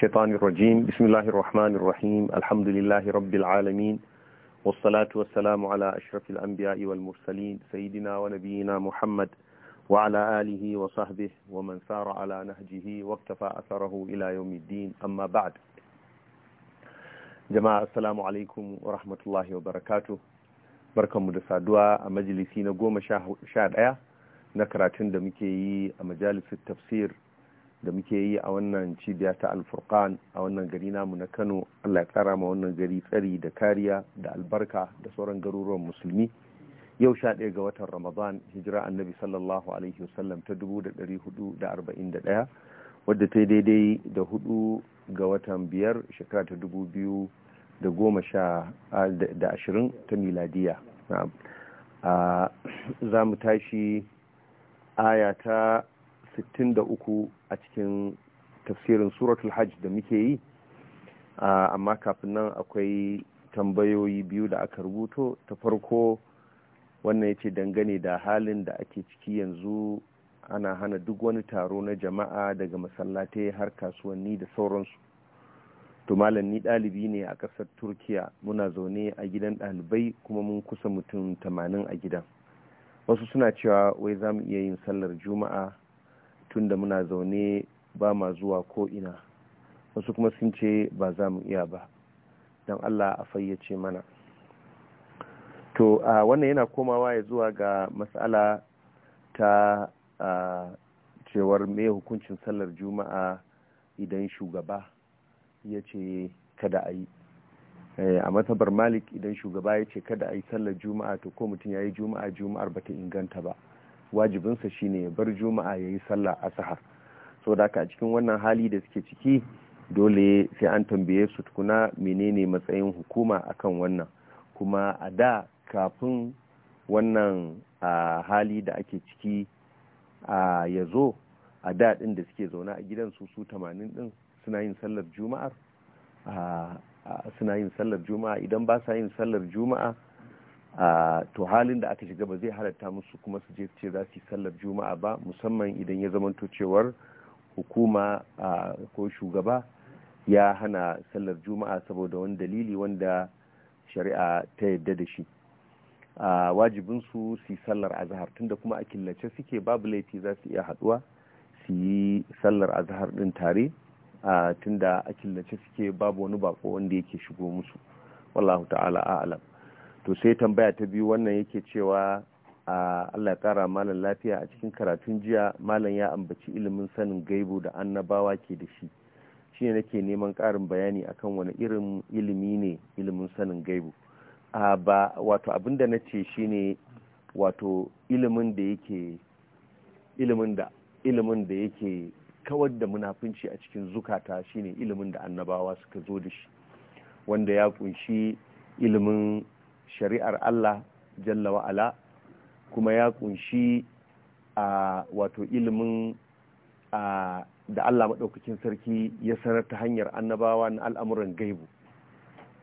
الشيطان الرجيم بسم الله الرحمن الرحيم الحمد لله رب العالمين والصلاة والسلام على أشرف الأنبياء والمرسلين سيدنا ونبينا محمد وعلى آله وصحبه ومن سار على نهجه واكتفى أثره إلى يوم الدين أما بعد جماعة السلام عليكم ورحمة الله وبركاته بركم مدسا دعاء مجلسين قوم شاهد آية نكرة تندمكي مجالس التفسير da muke yi a wannan cibiya ta alfurkan a wannan gari namu na kano allah ya kara ma wannan gari tsari da kariya da albarka da sauran garuruwan musulmi yau sha ɗaya ga watan ramadan hijira annabi sallallahu alaihi wasallam ta dubu da ɗari hudu da arba'in da ɗaya wadda ta daidai da hudu ga watan biyar shekara ta dubu biyu da goma sha da ashirin ta miladiya za mu tashi aya ta 63 a cikin tafsirin suratul hajj da muke yi amma kafin nan akwai tambayoyi biyu da aka rubuto ta farko wannan ya ce dangane da halin da ake ciki yanzu ana hana duk wani taro na jama'a daga masallatai har kasuwanni da sauransu to malam ni ɗalibi ne a ƙasar turkiya muna zaune a gidan ɗalibai kuma mun kusa mutum tamanin a gidan wasu suna cewa wai za mu iya yin sallar juma'a tun da muna zaune ba ma zuwa ko ina wasu kuma sun ce ba za mu iya ba don Allah a fayyace mana to a wannan yana komawa ya zuwa ga matsala ta cewar me hukuncin sallar juma'a idan shugaba ya ce kada a yi eh, a matsabar malik idan shugaba ya ce kada a yi sallar juma'a to ko mutum ya yi juma'a juma'ar ba ta inganta ba wajibinsa shine ya bar juma'a ya yi sallah asahar so da a cikin wannan hali da suke ciki dole sai an tambaye su tukuna menene matsayin hukuma akan wannan kuma a da kafin wannan hali da ake ciki ya zo a da ɗin da suke zaune a gidan su su 80 ɗin suna yin sallar juma'ar suna yin sallar juma'a idan ba sa yin sallar juma'a to halin da aka shiga ba zai halatta musu kuma su je ce za su yi sallar juma'a ba musamman idan ya zamanto cewar hukuma ko shugaba ya hana sallar juma'a saboda wani dalili wanda shari'a ta yadda da shi wajibin su su sallar azahar, tunda kuma a killace suke babu laifi za su iya haduwa su yi sallar azahar din tare tunda a killace suke babu wani bako wanda yake shigo musu wallahu ta'ala a'lam to sai tambaya ta biyu wannan yake cewa Allah ya kara malam lafiya a cikin karatun jiya malam ya ambaci ilimin sanin gaibu da annabawa ke da shi shi ne nake neman ƙarin bayani akan wani irin ilimi ne ilimin sanin gaibu a ba wato abin da na ce shi ne wato ilimin da yake ilimin da ilimin da yake kawar da munafunci a cikin zukata shine ilimin da annabawa suka zo da shi wanda ya kunshi ilimin shari'ar Allah jalla wa'ala kuma ya kunshi a wato ilimin da Allah maɗaukakin sarki ya sanar ta hanyar annabawa na al'amuran gaibu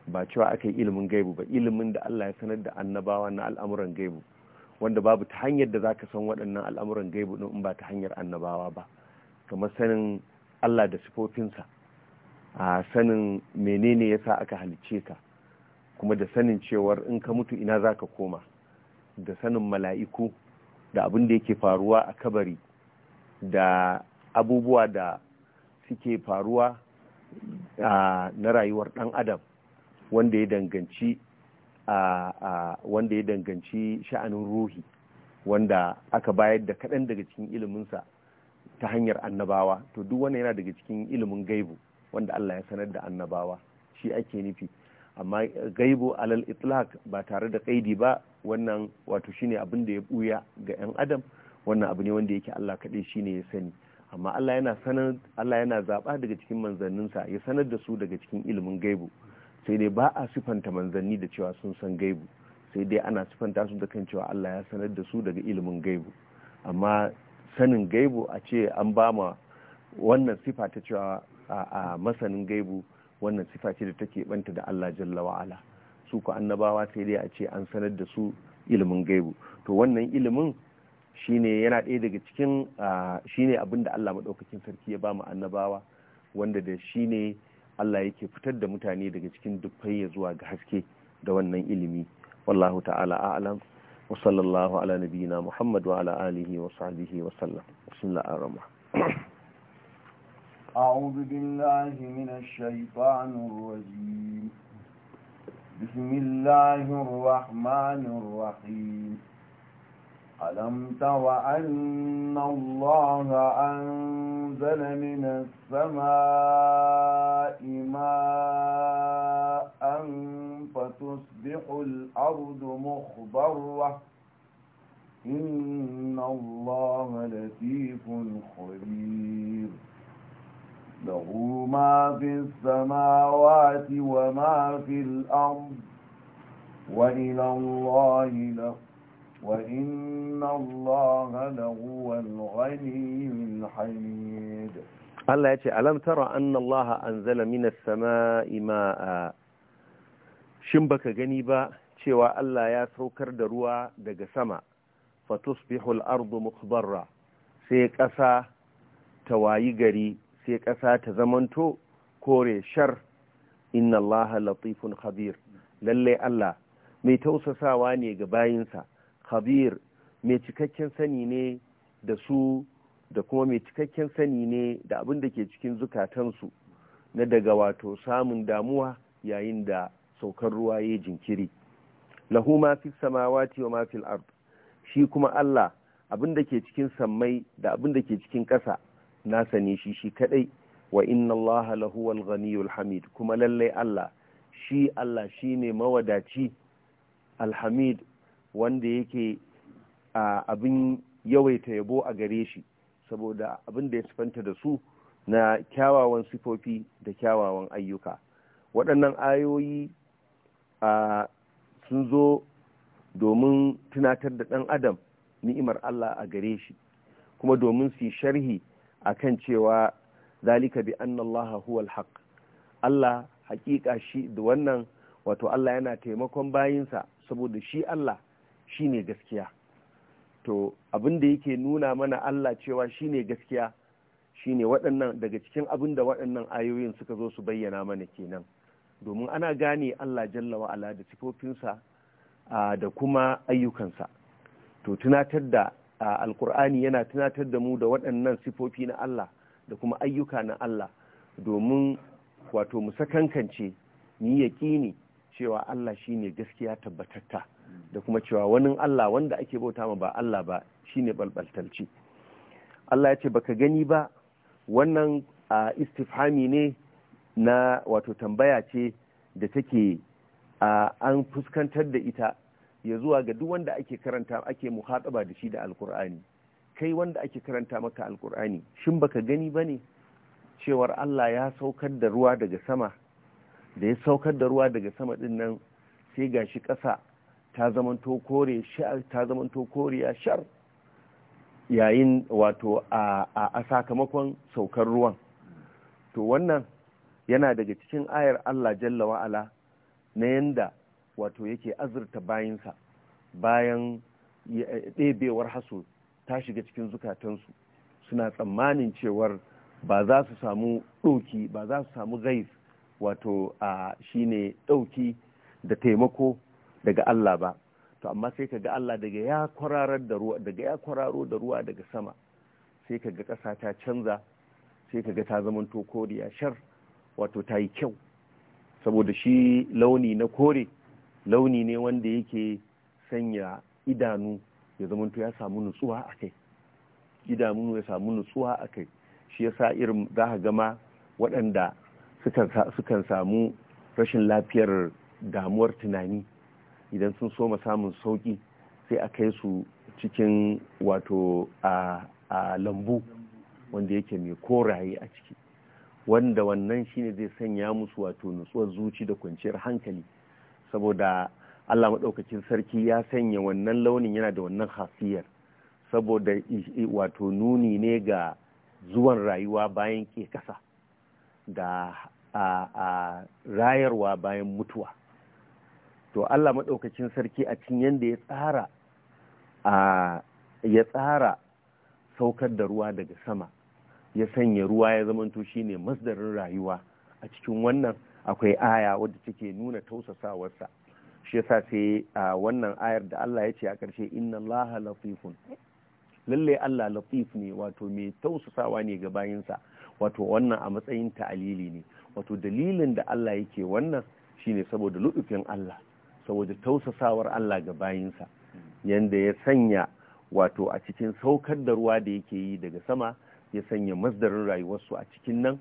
ba cewa aka yi ilimin gaibu ba ilimin da Allah ya sanar da annabawa na al'amuran gaibu wanda babu ta hanyar da za ka san waɗannan al'amuran gaibu ɗin in ba ta hanyar annabawa ba kamar sanin Allah da sifofinsa a sanin menene ya sa aka halicce ka kuma da sanin cewar in ka mutu ina za ka koma da sanin mala'iku da abin da yake faruwa a kabari da abubuwa da suke faruwa na rayuwar ɗan adam wanda ya danganci wanda ya danganci sha'anin ruhi wanda aka bayar da kaɗan daga cikin iliminsa ta hanyar annabawa to duk wannan yana daga cikin ilimin gaibu wanda Allah ya sanar da annabawa shi ake nufi amma gaibo alal itlaq ba tare da kaidi ba wannan wato shine abin da ya buya ga yan adam wannan abu ne wanda yake Allah kaɗai shine ya sani amma Allah yana sanar Allah yana zaba daga cikin manzanninsa ya sanar da su daga cikin ilimin gaibo sai dai ba a sifanta manzanni da cewa sun san gaibo sai dai ana sifanta su da kan cewa Allah ya sanar da su daga ilimin gaibo amma sanin gaibo a ce an ba ma wannan sifa ta cewa a masanin gaibo. wannan sifa ce da take banta da Allah jalla wa'ala su ko annabawa sai dai a ce an sanar da su ilimin gaibu to wannan ilimin shine yana ɗaya daga cikin shine abin da Allah maɗaukakin sarki ya ba mu annabawa wanda da shine Allah yake fitar da mutane daga cikin dufai ya zuwa ga haske da wannan ilimi wallahu ta'ala a'lam wa sallallahu ala nabiyyina muhammad wa ala alihi wa sahbihi wa sallam bismillahir rahmanir أعوذ بالله من الشيطان الرجيم بسم الله الرحمن الرحيم ألم تر أن الله أنزل من السماء ماء فتصبح الأرض مخضرة إن الله لطيف خبير له ما في السماوات وما في الأرض وإلى الله له وإن الله لهو الغني الحميد Allah ya ce, Alam tara an Allah an zala minas sama ima'a, shin baka gani ba cewa Allah ya saukar da ruwa daga sama, fatus bihul ardu mukhbarra sai ƙasa ta wayi gari sai ƙasa ta zamanto kore shar inna allaha latifun khabir lallai allah mai tausasawa ne ga bayinsa khabir mai cikakken sani ne da su da kuma mai cikakken sani ne da abin da ke cikin zukatansu na daga wato samun damuwa yayin da saukar ruwa ya jinkiri lahu ma fi samawati wa ma fil ard shi kuma Allah abin da ke cikin sammai da abin da ke cikin ƙasa na sani shi shi kadai wa inna allaha wal ghaniyul hamid kuma lallai Allah shi Allah shine mawadaci alhamid wanda yake abin yawaita yabo a gare shi saboda abin da ya sifanta da su na kyawawan sifofi da kyawawan ayyuka waɗannan ayoyi sun zo domin tunatar da ɗan adam ni'imar Allah a gare shi kuma domin su sharhi akan cewa zalika bi anna Allah huwa alhaq Allah hakika shi da wannan wato Allah yana taimakon bayinsa saboda shi Allah shine gaskiya to abin da yake nuna mana Allah cewa shine gaskiya shine waɗannan daga cikin abin da waɗannan ayoyin suka zo su bayyana mana kenan domin ana gane Allah jalla wa'ala da sifofinsa da kuma ayyukansa to tunatar da alkur'ani yana tunatar da mu da waɗannan sifofi na Allah da kuma ayyuka na Allah domin wato mu sakankance ni yaƙini cewa Allah shine gaskiya tabbatatta da kuma cewa wani Allah wanda ake bauta ma ba Allah ba shine balbaltalci Allah ya ce baka gani ba wannan istifhami ne na wato tambaya ce da take an fuskantar da ita ya zuwa ga duk wanda ake karanta ake muhataba da shi da alkur'ani kai wanda ake karanta maka alkur'ani shin baka gani ba ne? cewar Allah ya saukar da ruwa daga sama da ya saukar da ruwa daga sama din nan sai gashi ƙasa ta zamanto kore ta koriya shar yayin wato a sakamakon saukar ruwan to wannan yana daga cikin ayar Allah jalla wa'ala na yanda wato yake azurta bayansa bayan eh, ɗebewar haso ta shiga cikin zukatansu suna tsammanin cewar ba za su samu ɗauki ba za su samu gais wato a shi ne ɗauki da taimako daga Allah ba to amma sai ka ga Allah daga ya kwararar da ruwa daga kwararo da ruwa daga sama sai ka ga ƙasa ta canza sai ka ga ta zama to koriya shar wato ta yi kyau saboda shi launi na kore launi ne wanda yake sanya idanu ya zamanto ya samu nutsuwa a kai idanu ya samu nutsuwa a kai shi yasa irin za ka gama waɗanda sukan samu rashin lafiyar damuwar tunani idan sun soma samun sauƙi sai a kai su cikin wato a lambu wanda yake mai koraye a ciki wanda wannan shine zai sanya musu wato nutsuwar zuci da kwanciyar hankali saboda Allah maɗaukacin sarki ya sanya wannan launin yana da wannan hasiyar saboda wato nuni ne ga zuwan rayuwa bayan ke kasa da a, rayarwa bayan mutuwa to Allah maɗaukacin sarki a cin yadda ya tsara a ya tsara saukar da ruwa daga sama ya sanya ruwa ya zamanto shine masdarin rayuwa a cikin wannan akwai aya wadda take nuna tausasawarsa shi yasa sai wannan ayar da Allah ya ce a ƙarshe inna Allah latifun lalle Allah latif ne wato mai tausasawa ne ga bayinsa wato wannan a matsayin ta'alili ne wato dalilin da Allah yake wannan shine saboda lutufin Allah saboda tausasawar Allah ga bayinsa yanda ya sanya wato a cikin saukar da ruwa da yake yi daga sama ya sanya masdarin rayuwarsu a cikin nan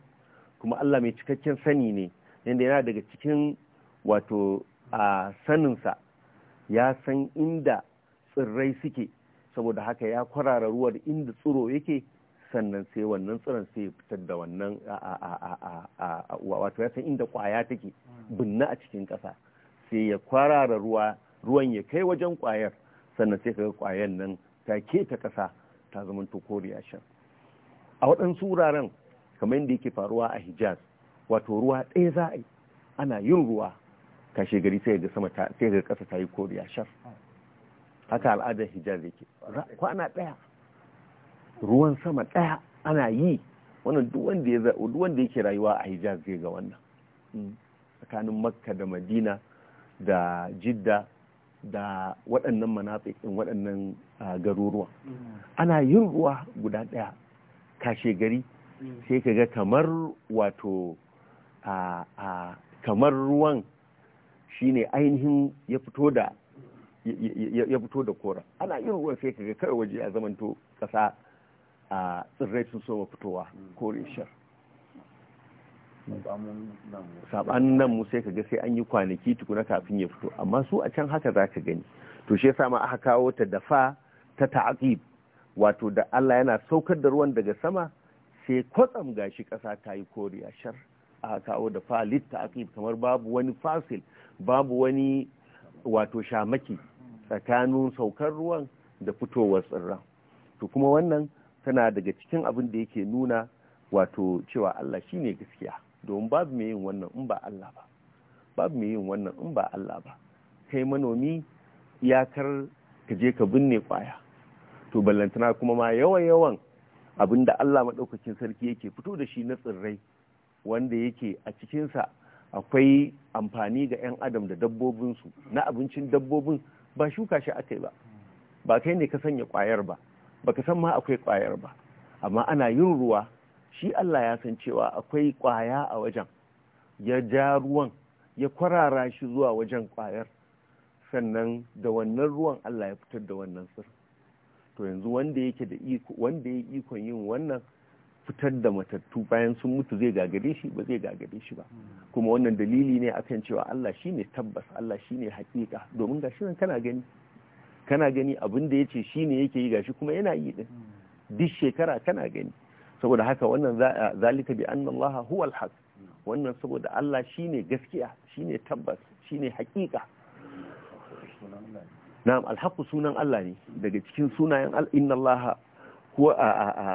kuma Allah mai cikakken sani ne yadda yana daga cikin wato a saninsa ya san inda tsirrai suke saboda haka ya kwarara ruwa da inda tsiro yake sannan sai wannan tsiron sai ya fitar da wannan wato ya san inda kwaya take binna a cikin ƙasa sai ya kwarara ruwa ruwan ya kai wajen kwayar sannan sai kaga kwayar nan ta keta ƙasa ta zama koriya shan a waɗansu wuraren kamar yadda yake faruwa a hijaz wato ruwa ɗaya za a yi ana yin ruwa kashe gari sai ga sama sai ƙasa ta yi koriya shar haka al'adar hijaz yake kwana ɗaya ruwan sama ɗaya ana yi wannan duwanda ya yake rayuwa a hijaz zai ga wannan hmm. tsakanin makka da madina da jidda da waɗannan manatsikin waɗannan garuruwa hmm. ana yin ruwa guda ɗaya kashe gari hmm. sai ka ga kamar wato kamar ruwan shine ainihin ya fito da ya fito da kora ana yin ruwan sai kaga kai waje ya zamanto kasa a tsirrai sun soma fitowa kore shar sabanin nan mu sai kaga sai an yi kwanaki tukuna kafin ya fito amma su a can haka za ka gani to shi yasa ma aka kawo ta dafa ta ta'aqib wato da Allah yana saukar da ruwan daga sama sai kwatsam gashi kasa ta yi koriya shar A kawo da falit ta kamar babu wani fasil babu wani wato shamaki tsakanin saukar ruwan da fitowar tsirra to kuma wannan tana daga cikin abin da yake nuna wato cewa Allah shine gaskiya domin babu mai yin wannan in ba Allah ba babu mai yin wannan in ba Allah ba kai manomi iyakar ka je ka binne kwaya to ballantana kuma ma yawan yawan abin da Allah maɗaukakin sarki yake fito da shi na tsirrai wanda yake a cikinsa akwai amfani ga 'yan adam da dabbobinsu na abincin dabbobin ba shuka shi aka yi ba ba kai ne ka sanya kwayar ba ba ka san ma akwai kwayar ba amma ana yin ruwa shi Allah ya san cewa akwai kwaya a wajen ya ja ruwan ya kwarara shi zuwa wajen kwayar sannan da wannan ruwan Allah ya fitar da wannan sir to yanzu wanda yake da iko wanda ya ikon yin wannan fitar da matattu bayan sun mutu zai gagare shi ba zai gagare shi ba kuma wannan dalili ne akan cewa Allah shine tabbas Allah shine hakika domin gashi nan kana gani kana gani abin da yace shine yake yi gashi kuma yana yi din duk shekara kana gani saboda haka wannan zalika bi anna Allah huwa al-haq wannan saboda Allah shine gaskiya shine tabbas shine hakika na'am al-haq sunan Allah ne daga cikin sunayen inna Allah huwa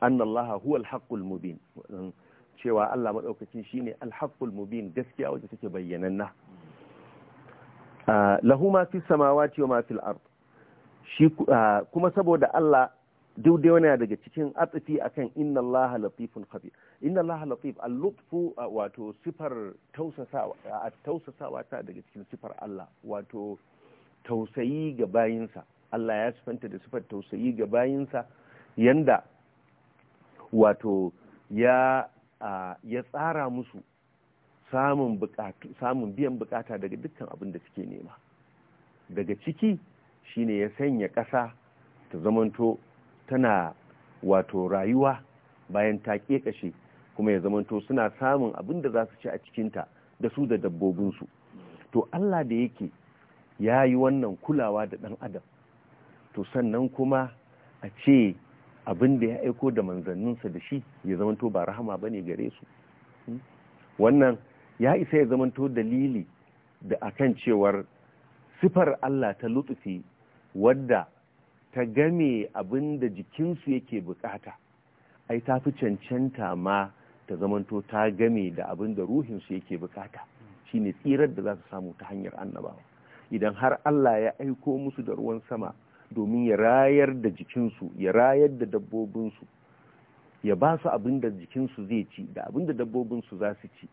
annallaha huwa alhaqqul mubin cewa Allah madaukakin shine alhaqqul mubin gaskiya wacce take na. lahu ma fi samawati wa ma fil ard shi kuma saboda Allah duk dai wani daga cikin atsafi akan inna Allaha latifun khabir inna Allaha latif al-lutfu wato sifar tausasawa tausasawa ta daga cikin sifar Allah wato tausayi ga bayinsa Allah ya sifanta da sifar tausayi ga bayinsa yanda wato ya ya tsara musu samun biyan bukata daga dukkan abin da suke nema daga ciki shine ya sanya ƙasa ta zamanto tana wato rayuwa bayan ta kashe kuma ya zamanto suna samun abin da za su ci a cikinta da su da dabbobinsu to Allah da yake ya yi wannan kulawa da ɗan adam to sannan kuma a ce abin da ya aiko da manzanninsa da shi ya zamanto ba rahama ba ne gare su hmm? wannan ya isa ya zamanto dalili da akan cewar sifar Allah ta lutsufi wadda ta game abin da jikinsu yake bukata ai ta fi cancanta ma ta zamanto ta game da abin da ruhinsu yake bukata shine tsirar da za su samu ta hanyar annabawa idan har Allah ya aiko musu da ruwan sama domin ya rayar da jikinsu ya rayar da dabbobinsu ya ba su abin da jikinsu zai ci da abin da dabbobinsu za su ci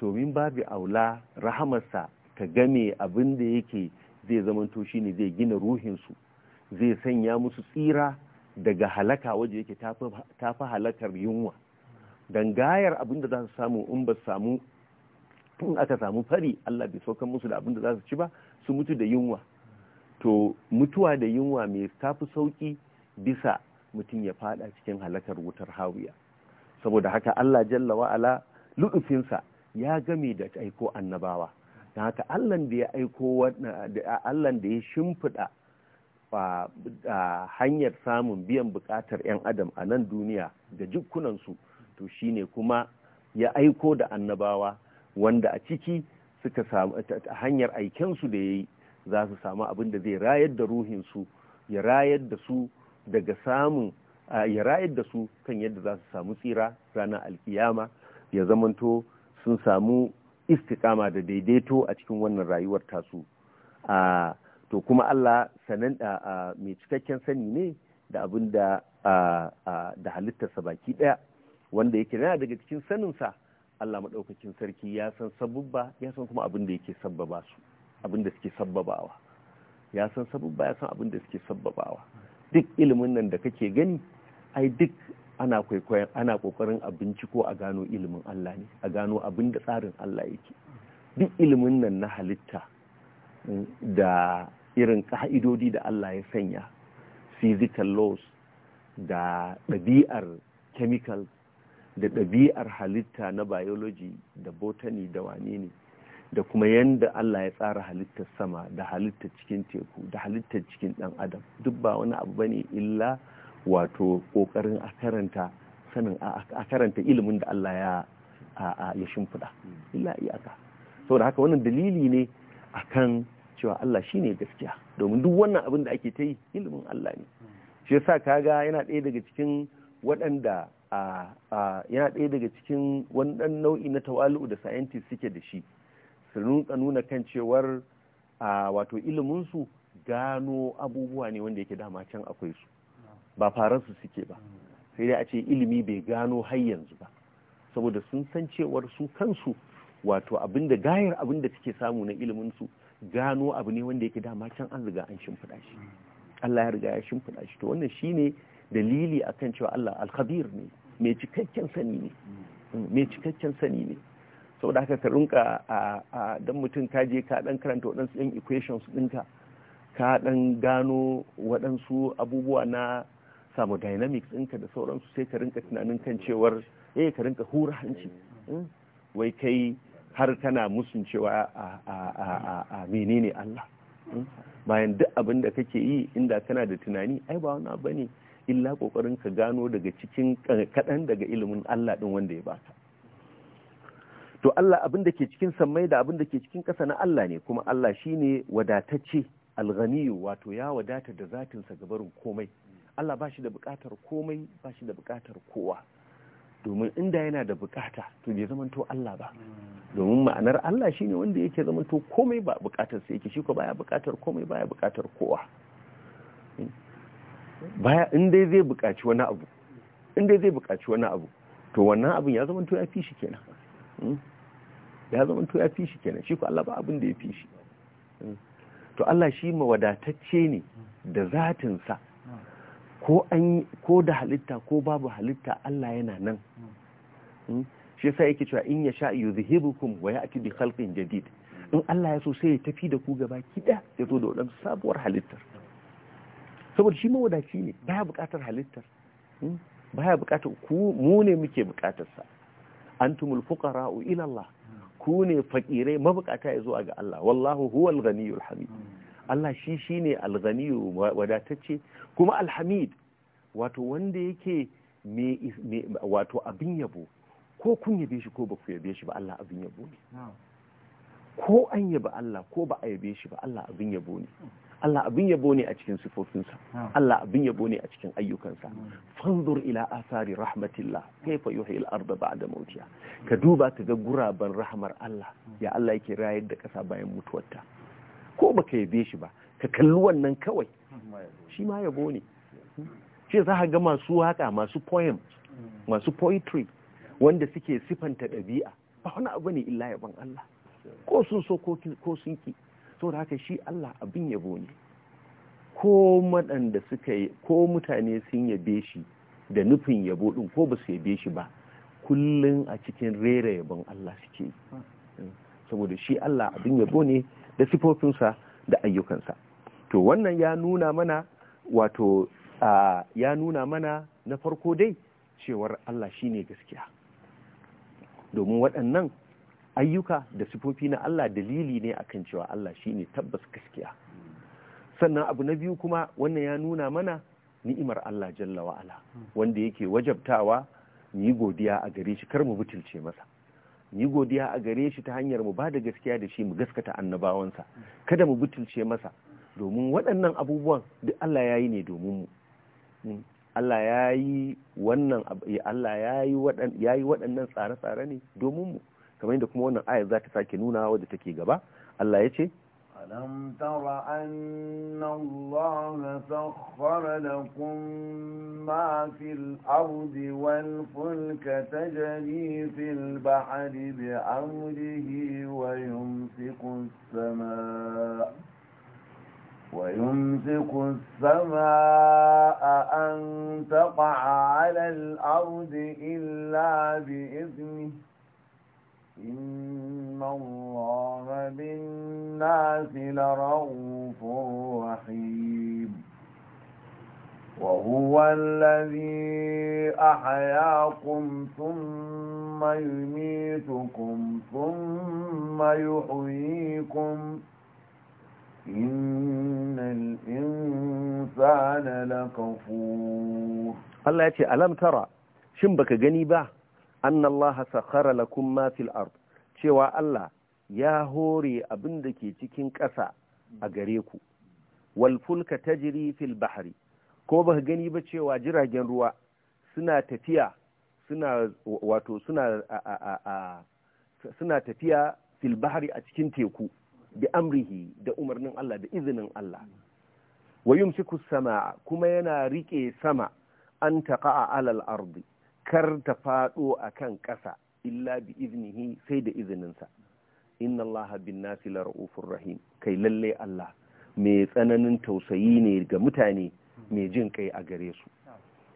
domin babu aula rahamarsa ta game abin da yake zai zamanto shine zai gina ruhinsu zai sanya musu tsira daga halaka waje yake tafi halakar yunwa don gayar abin da za su samu in ba samu tun aka samu fari Allah bai saukan musu da abin da za su ci ba su mutu da yunwa to mutuwa da yunwa mai tafi sauki bisa mutum ya fada cikin halakar wutar hawiya saboda haka Allah jalla wa'ala lu'ufinsa ya game da aiko annabawa don haka Allah da ya aiko Allah da ya shimfiɗa a hanyar samun biyan buƙatar 'yan adam a nan duniya da jikunansu to shine kuma ya aiko da annabawa wanda a ciki suka samu hanyar aikensu da ya yi za su samu abin da zai rayar da ruhinsu ya rayar da su daga samun ya rayar da su kan yadda za su samu tsira ranar alkiyama ya zamanto sun samu istikama da daidaito a cikin wannan rayuwar tasu to kuma Allah sanan da mai cikakken sani ne da abin da da halittarsa baki daya wanda yake yana daga cikin saninsa Allah maɗaukakin sarki ya san sabubba ya san kuma abin da yake sabbaba su abin da suke sabbabawa ya san sabubba ya san abin da suke sabbabawa duk ilimin nan da kake gani ai duk ana kwaikwayon ana kokarin a binciko a gano ilimin Allah ne a gano abin da tsarin Allah yake duk ilimin nan na halitta mm, da irin ka'idodi da Allah ya sanya physical laws da ɗabi'ar chemicals da ɗabi'ar halitta na biology da botany da wane ne da kuma yadda Allah ya tsara halittar sama da halittar cikin teku da halittar cikin ɗan adam duk ba wani abu ba ne illa wato ƙoƙarin a karanta sanin a karanta ilimin da Allah ya ya shimfiɗa illa iyaka saboda haka wannan dalili ne akan cewa Allah shi ne gaskiya domin duk wannan abin da ake ta yi ilimin Allah ne shi yasa kaga yana ɗaya daga cikin waɗanda yana ɗaya daga cikin wani ɗan nau'i na tawalu da scientist suke da shi su rinka nuna kan cewar wato iliminsu gano abubuwa ne wanda yake dama can akwai su ba fararsu suke ba sai dai a ce ilimi bai gano har yanzu ba saboda sun san cewar su kansu wato abinda gayar abinda suke samu na iliminsu gano abu ne wanda yake dama can an riga an shimfiɗa shi Allah ya riga ya shimfiɗa shi to wannan shine dalili akan cewa Allah al ne mai cikakken sani ne mm, mai cikakken sani ne saboda haka ka a dan mutum ka je ka dan karanta waɗansu yan equations ɗinka ka dan gano waɗansu abubuwa na samu thermodynamics ɗinka da sauransu sai ka rinka tunanin kan cewar eh ka rinka hura hanci mm, wai kai har kana musun cewa a menene Allah mm, bayan duk abin da kake yi inda kana da tunani ai ba wani abu ne illa kokarin ka gano daga cikin kaɗan daga ilimin Allah ɗin wanda ya baka to Allah abin da ke cikin sammai da abin da ke cikin ƙasa na Allah ne kuma Allah shine wadatacce alghani wato ya wadata da zatinsa gabarin komai Allah ba shi da bukatar komai ba shi da bukatar kowa domin inda yana da bukata to bai zamanto Allah ba domin ma'anar Allah shine wanda yake zamanto komai ba bukatar sa yake shi ko baya bukatar komai baya bukatar kowa baya in dai zai buƙaci wani abu in dai zai buƙaci wani abu to wannan abin ya zama to ya fi shi kenan hmm? ya zama to ya fi shi kenan shi ko Allah ba abin da ya fi shi hmm? to Allah shi mawadatacce ne da zatin sa ko an ko da halitta ko babu halitta Allah yana nan hmm? shi sai yake cewa in yasha yuzhibukum wa ya'ti bi khalqin jadid in Allah ya so sai ya tafi da ku gaba kida ya zo da wannan sabuwar halittar saboda shi mawadaci ne baya bukatar halittar hmm? baya bukatar ku mu ne muke bukatarsa antumul fuqara ila Allah ku ne fakirai mabukata ya zuwa ga Allah wallahu huwal ghaniyul hamid Allah shi shine al-ghaniyu wadatacce kuma al-hamid wato wanda yake me wato abin yabo ko kun yabe shi ko ba ku yabe shi ba Allah abin yabo ne ko an yabi Allah ko ba a yabe shi ba Allah abin yabo ne Allah abin yabo ne a cikin sifofinsa Allah abin yabo ne a cikin ayyukansa fanzur ila asari rahmatillah kaifa yuhi al-ardha ba'da mawtiha ka duba ka ga guraben rahmar Allah ya Allah yake rayar da kasa bayan mutuwarta ko baka yabe shi ba ka kalli wannan kawai shi ma yabo ne shi za ga masu waka masu poem mm. masu poetry wanda suke sifanta ɗabi'a ba wani abu ne illa yaban Allah ko sun so ko sun ki so da haka shi Allah abin yabo ne ko madanda suka yi ko mutane sun yabe shi da nufin yabo ɗin ko ba su yabe shi ba kullun a cikin rera yabon Allah suke yi hmm. saboda shi Allah abin yabo ne da sifofinsa da ayyukansa to wannan ya nuna mana wato ya nuna mana na farko dai cewar Allah shine gaskiya domin waɗannan ayyuka da sifofi na Allah dalili ne akan cewa Allah shine tabbas gaskiya sannan abu na biyu kuma wannan ya nuna mana ni'imar Allah jalla wa'ala wanda yake wajabtawa mu yi godiya a gare shi kar mu butulce masa mu yi godiya a gare shi ta hanyar mu ba da gaskiya da shi mu gaskata annabawansa kada mu butulce masa domin waɗannan abubuwan duk Allah ya yi ne domin mu hmm. Allah ya yi wannan Allah ya yi waɗannan tsare-tsare ne domin mu kamar yadda kuma wannan ayar zata sake nuna wadda take gaba Allah yace alam tara anna allaha sakhara lakum ma fil ardi wal fulka tajri fil bahri bi amrihi wa yumsiku as-samaa ويمزق السماء أن تقع على illa إلا إن الله بالناس لرؤوف رحيم وهو الذي أحياكم ثم يميتكم ثم يحييكم إن الإنسان لكفور الله يأتي ألم ترى شنبك جنيبه annallaha sakhara lakum ma fil ard cewa Allah ya hore abin da ke cikin ƙasa a gare ku wal fulka tajri fil bahri ko ba gani ba cewa jiragen ruwa suna tafiya suna wato suna suna tafiya fil bahri a cikin teku bi amrihi da umarnin Allah da izinin Allah wa yumsiku sama kuma yana rike sama an taqa'a alal ardi kar ta faɗo a kan ƙasa illa bi iznihi sai da izininsa inna allaha bin nasi la ra'ufur rahim kai lalle allah mai tsananin tausayi ne ga mutane mai jin kai a gare su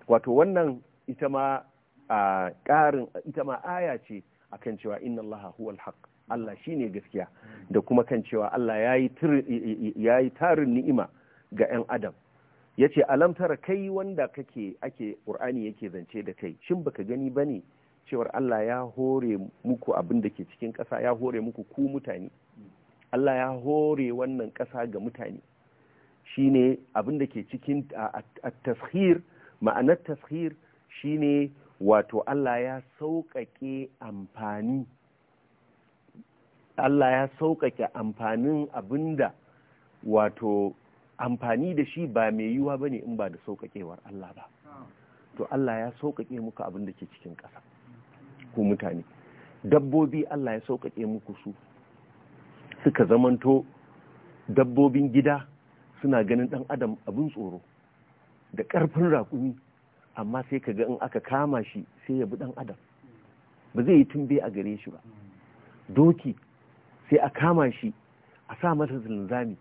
wato wannan ita ma a ƙarin ita ma aya ce akan cewa inna allaha huwal haq Allah shine gaskiya da kuma kan cewa Allah yayi yayi tarin ni'ima ga 'yan adam ya ce alamtara kai wanda kake ake ƙur'ani yake zance da kai shin baka gani ba ne cewar Allah ya hore muku abin da ke cikin ƙasa ya hore muku ku mutane Allah ya hore wannan ƙasa ga mutane shine abin da ke cikin a tashir ma'anar tashir ne wato Allah ya sauƙaƙe amfani Allah ya sauƙaƙe amfanin da wato amfani da shi ba mai yiwuwa ne in ba da sauƙaƙewar Allah ba to Allah ya sauƙaƙe muku abin da ke cikin ƙasa ku mutane dabbobi Allah ya sauƙaƙe muku su suka zamanto dabbobin gida suna ganin ɗan adam abin tsoro da ƙarfin raƙumi amma sai ka ga in aka kama shi sai ya bi ɗan adam ba zai yi tumbe a gare shi ba doki sai a kama shi a sa masa zinzami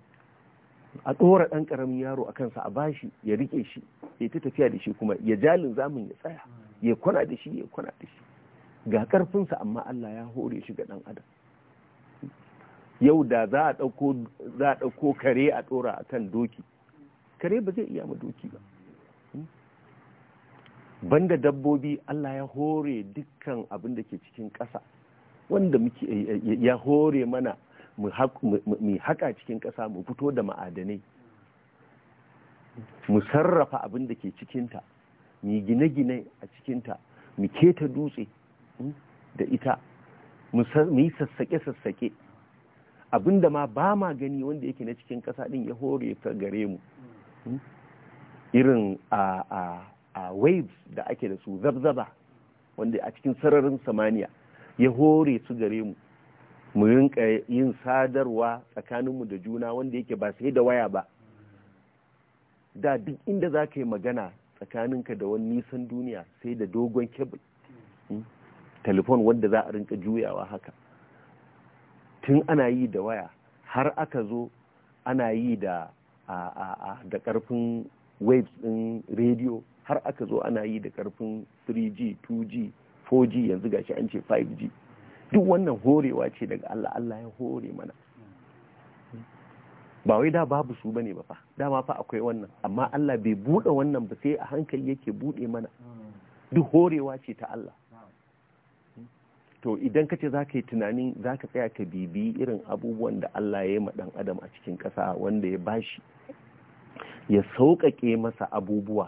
a ɗora ɗan ƙaramin yaro a kansa a bashi ya rike shi ya ta tafiya da shi kuma ya jalin zamun ya tsaya ya kwana da shi ya kwana da shi ga ƙarfinsa amma Allah ya hore shi ga ɗan adam yau da za a ɗauko kare a ɗora a kan doki kare ba zai iya ma doki ba banda dabbobi Allah ya hore dukkan abin da ke cikin ƙasa wanda muke ya hore mana mu haƙa cikin ƙasa mu fito da ma'adanai mu sarrafa abin da ke cikinta mu gine-gine a cikinta mu keta dutse hmm, da ita mu yi sassaƙe-sassaƙe abin da ma ba ma gani wanda yake na cikin ƙasa ɗin ya hore ta gare mu hmm. irin a waves da ake da su zabzaba wanda a cikin sararin samaniya ya hore su gare mu mu rinka yin sadarwa tsakaninmu da juna wanda yake ba sai da waya ba da duk inda za ka yi magana tsakaninka da wani nisan duniya sai da dogon kebul hmm, telefon wanda za a rinka juyawa haka tun ana yi da waya har aka zo ana yi da da karfin waves din rediyo har aka zo ana yi da karfin 3G 2G 4G yanzu gashi an ce 5G duk wannan horewa ce daga Allah Allah ya hore mana ba wai da babu su bane ba fa dama fa akwai wannan amma Allah bai bude wannan ba sai a hankali yake bude mana duk horewa ce ta Allah to idan kace zaka yi tunanin zaka tsaya ka bibi irin abubuwan da Allah ya yi ma dan adam a cikin ƙasa wanda ya bashi ya sauƙaƙe masa abubuwa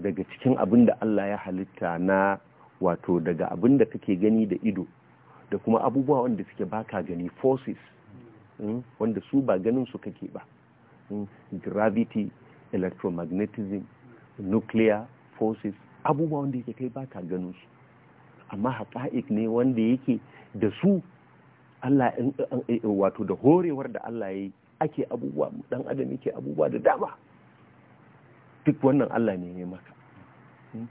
daga cikin abin da Allah ya halitta na wato daga abin da kake gani da ido da kuma abubuwa wanda suke baka gani forces hmm, wanda su ba ganin su kake ba hmm, gravity electromagnetism nuclear forces abubuwa wanda yake kai baka ganin su amma haƙa'ik ne wanda yake da su Allah wato da horewar da Allah ya yi ake abubuwa dan adam yake abubuwa da dama duk wannan Allah ne ya maka hmm.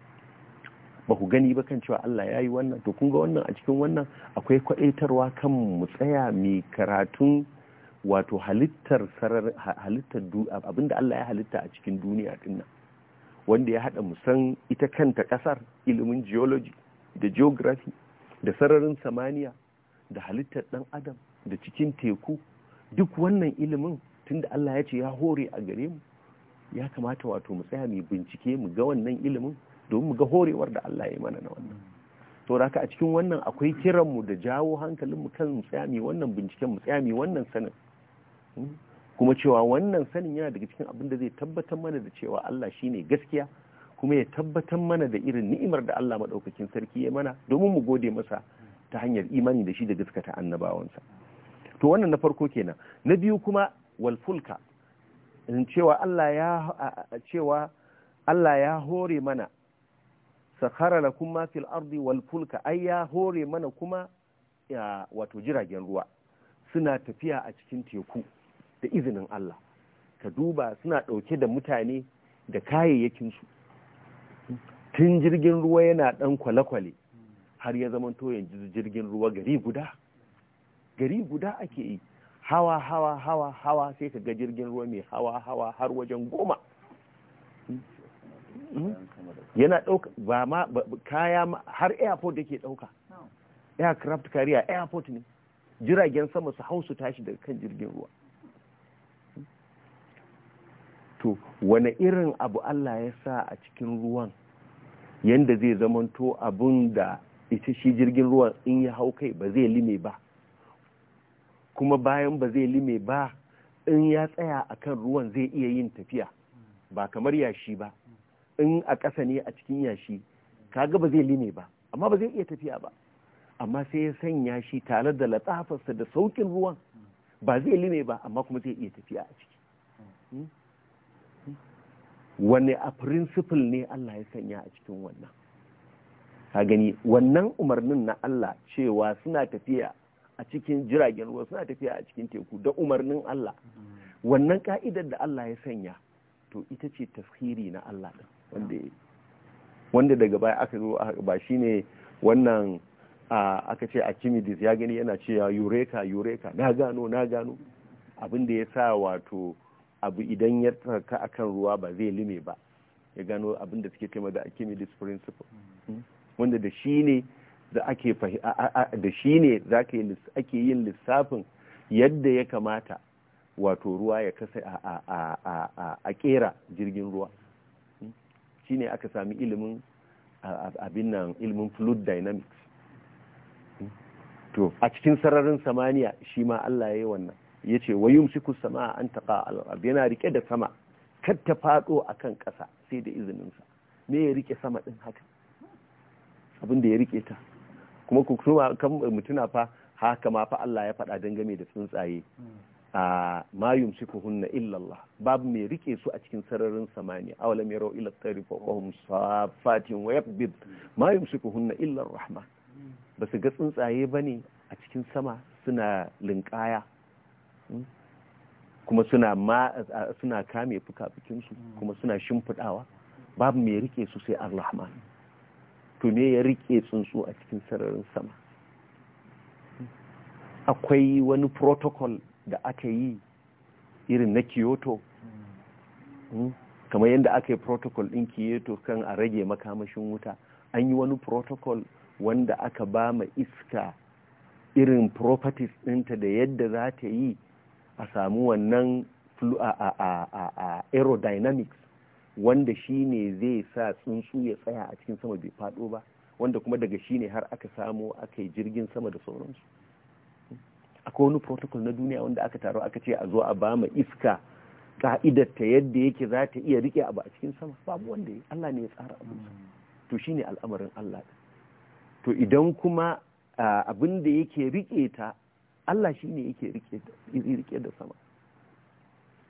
ba ku gani ba kan cewa Allah ya yi wannan to kun ga wannan a cikin wannan akwai kwaɗaitarwa kan mu tsaya mai karatun wato halittar sarar halittar abinda Allah ya halitta a cikin duniya nan. wanda ya haɗa musan ita kanta ƙasar ilimin geology da geography da sararin samaniya da halittar ɗan adam da cikin teku duk wannan ilimin tunda Allah ya ce ya hore a gare mu ya kamata wato mu tsaya mai bincike mu ga wannan ilimin domin ga horewar da Allah ya mana na wannan to haka a cikin wannan akwai kiran mu da jawo hankalin mu kan tsami wannan binciken mu tsami wannan sanin hmm? kuma cewa wannan sanin yana daga cikin abin da zai tabbatar mana da cewa Allah shine gaskiya kuma ya tabbatar mana da irin ni'imar da Allah madaukakin sarki ya mana domin mu gode masa ta hanyar imani da shi da gaskata annabawansa to wannan na farko kenan na biyu kuma wal fulka cewa Allah ya cewa Allah ya hore mana sakara lakum kuma fil ardi wal fulka ai ya hore mana kuma wato jiragen ruwa suna tafiya a cikin teku da izinin Allah ka duba suna ɗauke da mutane da kayayyakin su. tun jirgin ruwa yana ɗan kwale-kwale har ya zama toyin jirgin ruwa gari guda gari guda ake yi hawa hawa hawa hawa sai ka ga jirgin ruwa mai hawa hawa har wajen goma hmm? Hmm? yana ɗauka ba ma kaya har airport da ke ɗauka oh. aircraft carrier airport ne jiragen sama su hau su tashi daga kan jirgin ruwa to wane irin abu Allah ya sa a cikin ruwan yanda zai zamanto abun da ita shi jirgin ruwan in ya hau kai ba zai lime ba kuma bayan ba zai lime ba in ya tsaya akan ruwan zai iya yin tafiya ba kamar yashi ba in a ƙasa ne a cikin yashi kaga ba zai lime ba amma ba zai iya tafiya ba amma sai ya sanya shi tare da latsafarsa da saukin ruwan ba zai lime ba amma kuma zai iya tafiya a ciki hmm? Hmm? wanne a principle ne Allah ya sanya a cikin wannan ka gani wannan umarnin na Allah cewa suna tafiya a cikin jiragen ruwa suna tafiya a cikin teku da umarnin Allah hmm. wannan ka'idar da Allah ya sanya to ita ce tafsiri na Allah din wanda daga baya aka zo ba ne wannan aka ce kimidis ya gani yana cewa yureka yureka na gano na gano abinda ya sa wato abu idan ya tsaka akan ruwa ba zai lime ba ya gano abinda suke kai da kimidis principle hmm. wanda da shi ne da ake da shi ne za ake yin lissafin yadda ya kamata wato ruwa ya kasa a kera jirgin ruwa Shi ne aka sami ilimin abin nan ilimin fluid dynamics to a cikin sararin samaniya shi ma Allah ya yi wannan ya ce wa yumsiku an taqa al yana rike da sama kar ta fado akan ƙasa sai da izininsa. sa me ya rike sama din haka abin da ya rike ta kuma ku kuma mutuna fa haka ma fa Allah ya faɗa dangane da tsuntsaye a siku hunna illallah babu mai rike su a cikin sararin samaniya awalam yarau ila tsari fawqahum safatin wa yaqbid siku hunna illa rahman ba su ga tsuntsaye bane a cikin sama suna linkaya hmm? kuma suna kame fukafukin su kuma suna shimfiɗawa, babu mai rike su sai ar-rahman to me ya rike tsuntsu a cikin sararin sama akwai wani protocol da aka yi irin na kyoto hmm, kamar yadda aka yi protocol ɗin kyoto kan a rage makamashin wuta an yi wani protocol wanda aka ba ma iska irin properties ɗinta da yadda za ta yi a samu wannan aerodynamics wanda shine zai sa tsuntsu ya tsaya a cikin sama bai faɗo ba wanda kuma daga shi ne har aka samo aka yi jirgin sama da sauransu akwai wani protocol na duniya wanda aka taro aka ce a zo a ba ma iska ka'idar ta yadda yake za ta iya rike abu a cikin sama babu wanda ya Allah ne ya tsara abu to shine al'amarin Allah to idan kuma abin da yake rike ta Allah shine yake rike rike da sama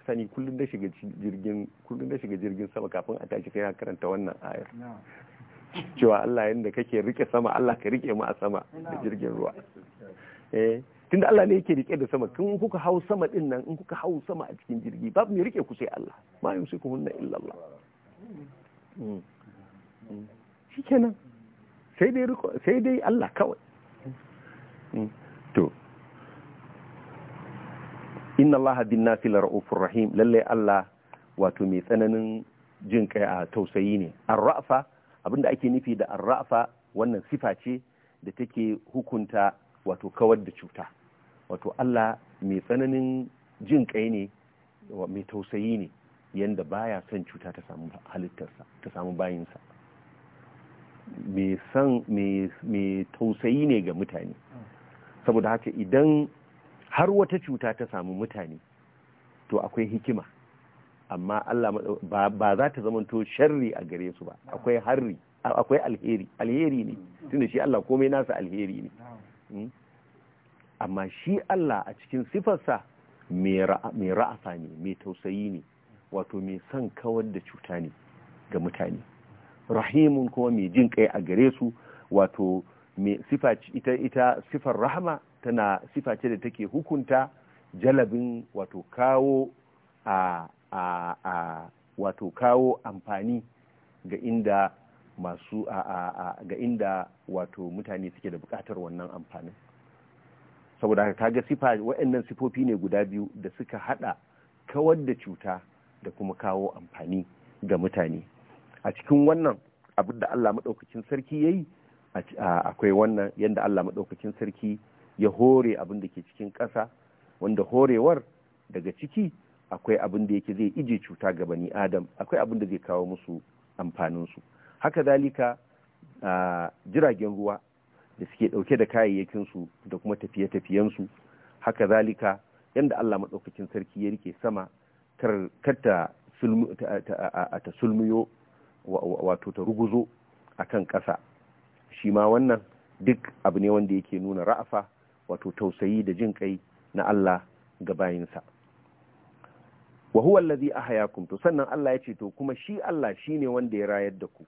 sani kullum da shiga jirgin kullum da shiga jirgin sama kafin a tashi kai karanta wannan ayar cewa Allah yadda kake rike sama Allah ka rike mu a sama da jirgin ruwa eh tunda Allah ne yake rike da sama kun kuka hau sama din nan in kuka hau sama a cikin jirgi babu mai rike ku sai Allah ma ku hunna illa Allah hmm. Hmm. shikenan sai dai sai dai Allah kawai hmm. to inna Allah bin nasi la ra'ufur rahim lalle Allah wato mai tsananin jin kai a tausayi ne arrafa abinda ake nufi da arrafa wannan sifa ce da take hukunta wato kawar da cuta wato Allah mai tsananin jin kai ne mai tausayi ne yanda baya son cuta ta samu halittarsa ta samu bayinsa mai tausayi ne ga mutane saboda haka idan har wata cuta ta samu mutane to akwai hikima amma Allah ba za ta zamanto sharri a gare su ba akwai harri akwai alheri alheri ne tunda shi Allah komai nasa alheri ne Hmm? amma shi Allah a cikin sifarsa mai ra'afa ne mai tausayi ne wato mai son kawar da cuta ne ga mutane rahimun kuma mai jin kai a gare su wato ita sifar rahama tana sifa ce da take hukunta jalabin wato kawo a wato kawo amfani ga inda masu a ga inda wato mutane suke da bukatar wannan amfanin saboda haka kaga sifa waɗannan sifofi ne guda biyu da suka hada kawar da cuta da kuma kawo amfani ga mutane a cikin wannan abin da Allah maɗaukakin sarki ya yi akwai wannan yadda Allah maɗaukakin sarki ya hore abin da ke cikin ƙasa wanda horewar daga ciki akwai abin da yake zai ije cuta ga bani adam akwai abin da zai kawo musu amfaninsu haka zalika jiragen ruwa da suke ɗauke da kayayyakinsu da kuma tafiye-tafiyensu haka zalika yadda Allah maɗaukakin sarki ya rike sama kar ta sulmiyo wato ta ruguzo a kan ƙasa shi ma wannan duk abu ne wanda yake nuna ra'afa wato tausayi da jin kai na Allah ga bayinsa wa huwa allazi ahyakum to sannan Allah ya ce to kuma shi Allah shine wanda ya rayar da ku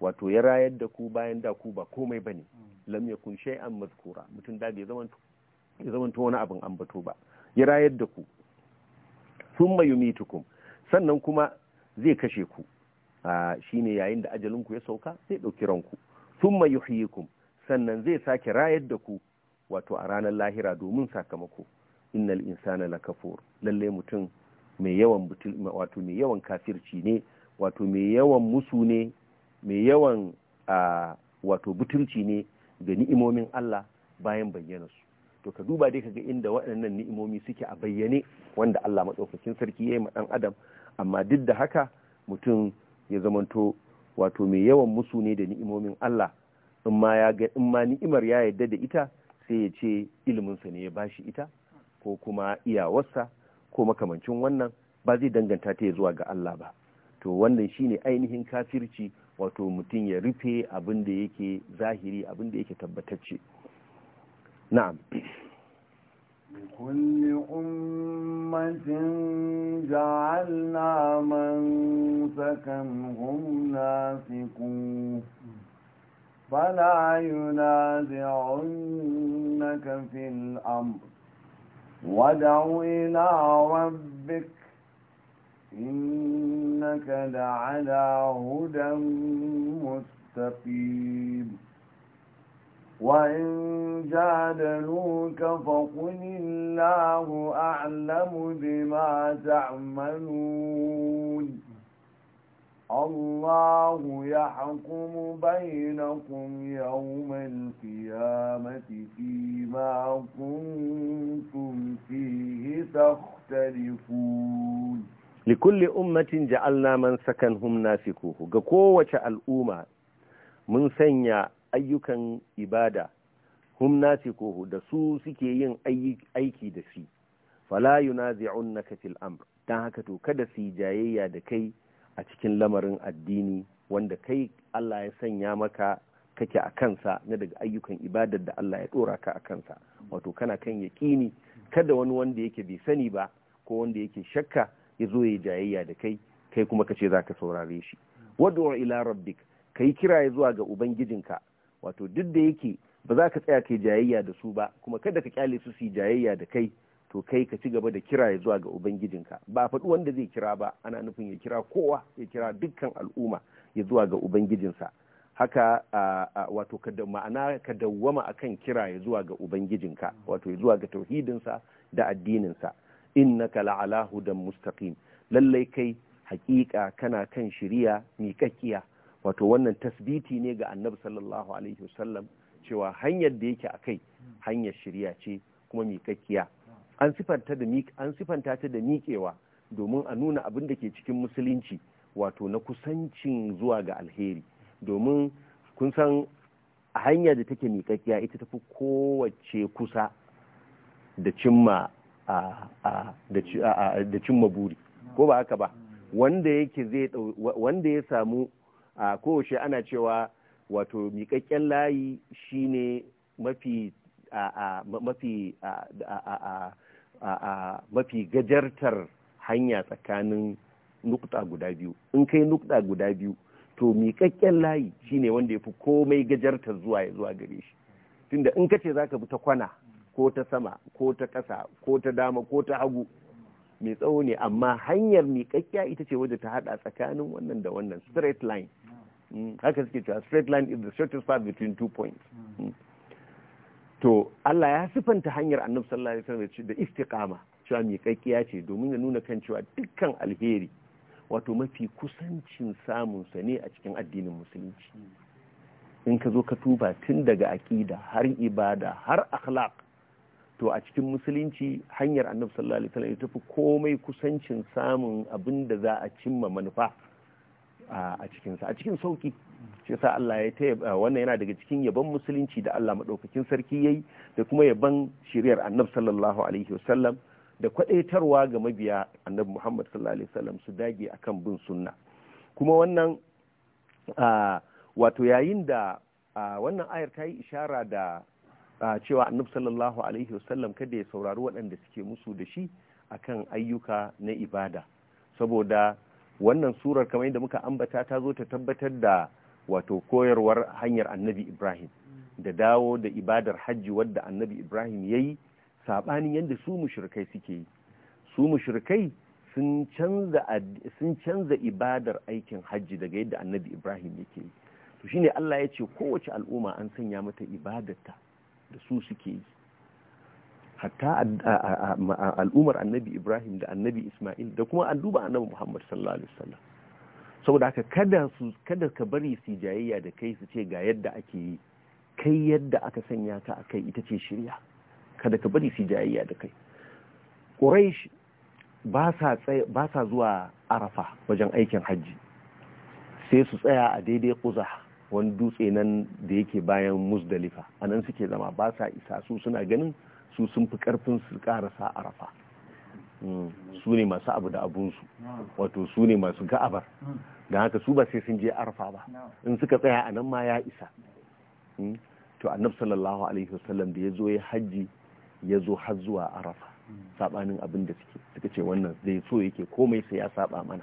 wato ya rayar da ku bayan da ku ba komai ba ne hmm. lam ya kun shai an mazkura mutum da bai zamanto wani abin ambato ba ya rayar da ku sun mayumitukum sannan kuma zai kashe ku shi ne yayin da ajalinku ya sauka zai ɗauki ranku sun mayuhiyikum sannan zai sake rayar da ku wato a ranar lahira domin sakamako innal insana kafur lallai mutum mai yawan wato mai yawan kafirci ne wato mai yawan musu ne mai yawan wato butulci ne ga ni'imomin Allah bayan bayyana su to ka duba dai kaga inda waɗannan ni'imomi suke a bayyane wanda Allah maɗaukakin sarki ya yi ɗan adam amma duk da haka mutum ya zamanto wato mai yawan musu ne da ni'imomin Allah in ma ya ga in ma ni'imar ya yadda da ita sai ya ce iliminsa ne ya bashi ita ko kuma iyawarsa ko makamancin wannan ba zai danganta ta zuwa ga Allah ba to wannan shine ainihin kafirci wato mutum ya rufe abin da yake zahiri abin da yake tabbatacce na'am kulli ummatin ja'alna man sakanhum nasiku فلا ينازعنك في الأمر وادع إلى ربك إنك لعلى هدى مستقيم وإن جادلوك فقل الله أعلم بما تعملون الله يحكم بينكم يوم القيامة فيما كنتم فيه تختلفون likulli ummatin ja'alna man sakanhum nasikuhu ga kowace al'umma mun sanya ayyukan ibada hum nasikuhu da su suke yin aiki da shi fala yunazi'unka fil amr dan haka to kada su jayayya da kai a cikin lamarin addini wanda kai Allah ya sanya maka kake a kansa na daga ayyukan ibadar da Allah ya dora ka a kansa wato kana kan yaqini kada wani wanda yake bai sani ba ko wanda yake shakka ya zo ya jayayya da kai kai kuma ka ce za ka saurare shi wad'u ila rabbik yi kira ya zuwa ga ubangijinka wato duk da yake ba za ka tsaya kai jayayya da su ba kuma kada ka kyale su su jayayya da kai to kai ka ci gaba da kira ya zuwa ga ubangijinka ba a faɗi wanda zai kira ba ana nufin ya kira kowa ya kira dukkan al'umma ya zuwa ga ubangijinsa haka wato ma'ana ka dawwama akan kira ya zuwa ga ubangijinka wato ya zuwa ga tauhidinsa da addininsa innaka la'ala hudan mustaqim lallai kai hakika kana kan shiriya miƙaƙiya wato wannan tasbiti ne ga annabi sallallahu alaihi wasallam cewa hanyar da yake akai hanyar shiriya ce kuma miƙaƙiya an sifanta da an sifanta ta da miƙewa domin a nuna abin da ke cikin musulunci wato na kusancin zuwa ga alheri domin kun san hanya da take miƙaƙiya ita tafi kowace kusa da cimma da cimma buri ko ba haka ba wanda yake zai wanda ya samu a kowace ana cewa wato miƙaƙƙen layi shine mafi mafi mafi gajartar hanya tsakanin nukta guda biyu in kai nukta guda biyu to miƙaƙƙen layi shine wanda ya fi komai gajartar zuwa ya zuwa gare shi tunda in ka ce za ka bi ta kwana ko ta sama ko ta ƙasa ko ta dama ko ta hagu mai tsawo ne amma hanyar miƙaƙƙiya ita ce wadda ta haɗa tsakanin wannan da wannan straight line mm, haka suke cewa straight line is the shortest path between two points mm. to Allah ya sifanta hanyar annabi sallallahu alaihi wasallam da istiqama cewa miƙaƙƙiya ce domin ya nuna kan cewa dukkan alheri wato mafi kusancin samun sa ne a cikin addinin musulunci in ka zo ka tuba tun daga aƙida har ibada har akhlaq to a cikin musulunci hanyar annabi sallallahu alaihi wasallam tafi komai kusancin samun abin da za a cimma manufa a cikin a cikin sauki shi sa Allah ya ta wannan yana daga cikin yaban musulunci da Allah madaukakin sarki yayi da kuma yabon shiriyar annabi sallallahu alaihi wasallam da kwadaitarwa ga mabiya annabi Muhammad sallallahu alaihi wasallam su dage akan bin sunna kuma wannan wato yayin da wannan ayar ta yi ishara da cewa annabi sallallahu alaihi wasallam kada ya saurari waɗanda suke musu da shi akan ayyuka na ibada saboda wannan surar kamar yadda muka ambata ta zo ta tabbatar da wato koyarwar hanyar annabi ibrahim da dawo da ibadar hajji wadda annabi ibrahim ya yi saɓanin yadda su mushrikai suke yi su mushrikai sun canza ibadar aikin hajji daga yadda annabi ibrahim yake yi to shine allah ya ce kowace al'umma an sanya mata ibadarta da su suke yi hatta al'umar annabi ibrahim da annabi ismail da kuma al'umar annabi muhammad sallallahu alaihi wasallam saboda haka kada su kada ka bari su jayayya da kai su ce ga yadda ake yi kai yadda aka sanya ta akai ita ce shirya kada ka bari su jayayya da kai quraish ba sa ba sa zuwa arafa wajen aikin hajji sai su tsaya a daidai quzah wani dutse nan da yake bayan musdalifa a nan suke zama ba sa isa su suna ganin su sun fi karfin su karasa arafa hmm. su ne masu abu da abunsu wato su ne masu ga'abar da haka su ba sai sun je arafa ba in suka tsaya a nan ma ya isa hmm. to annab sallallahu alaihi wasallam da ya zo ya hajji ya zo har zuwa arafa sabanin abin da suke suka ce wannan zai so yake komai sai ya saba mana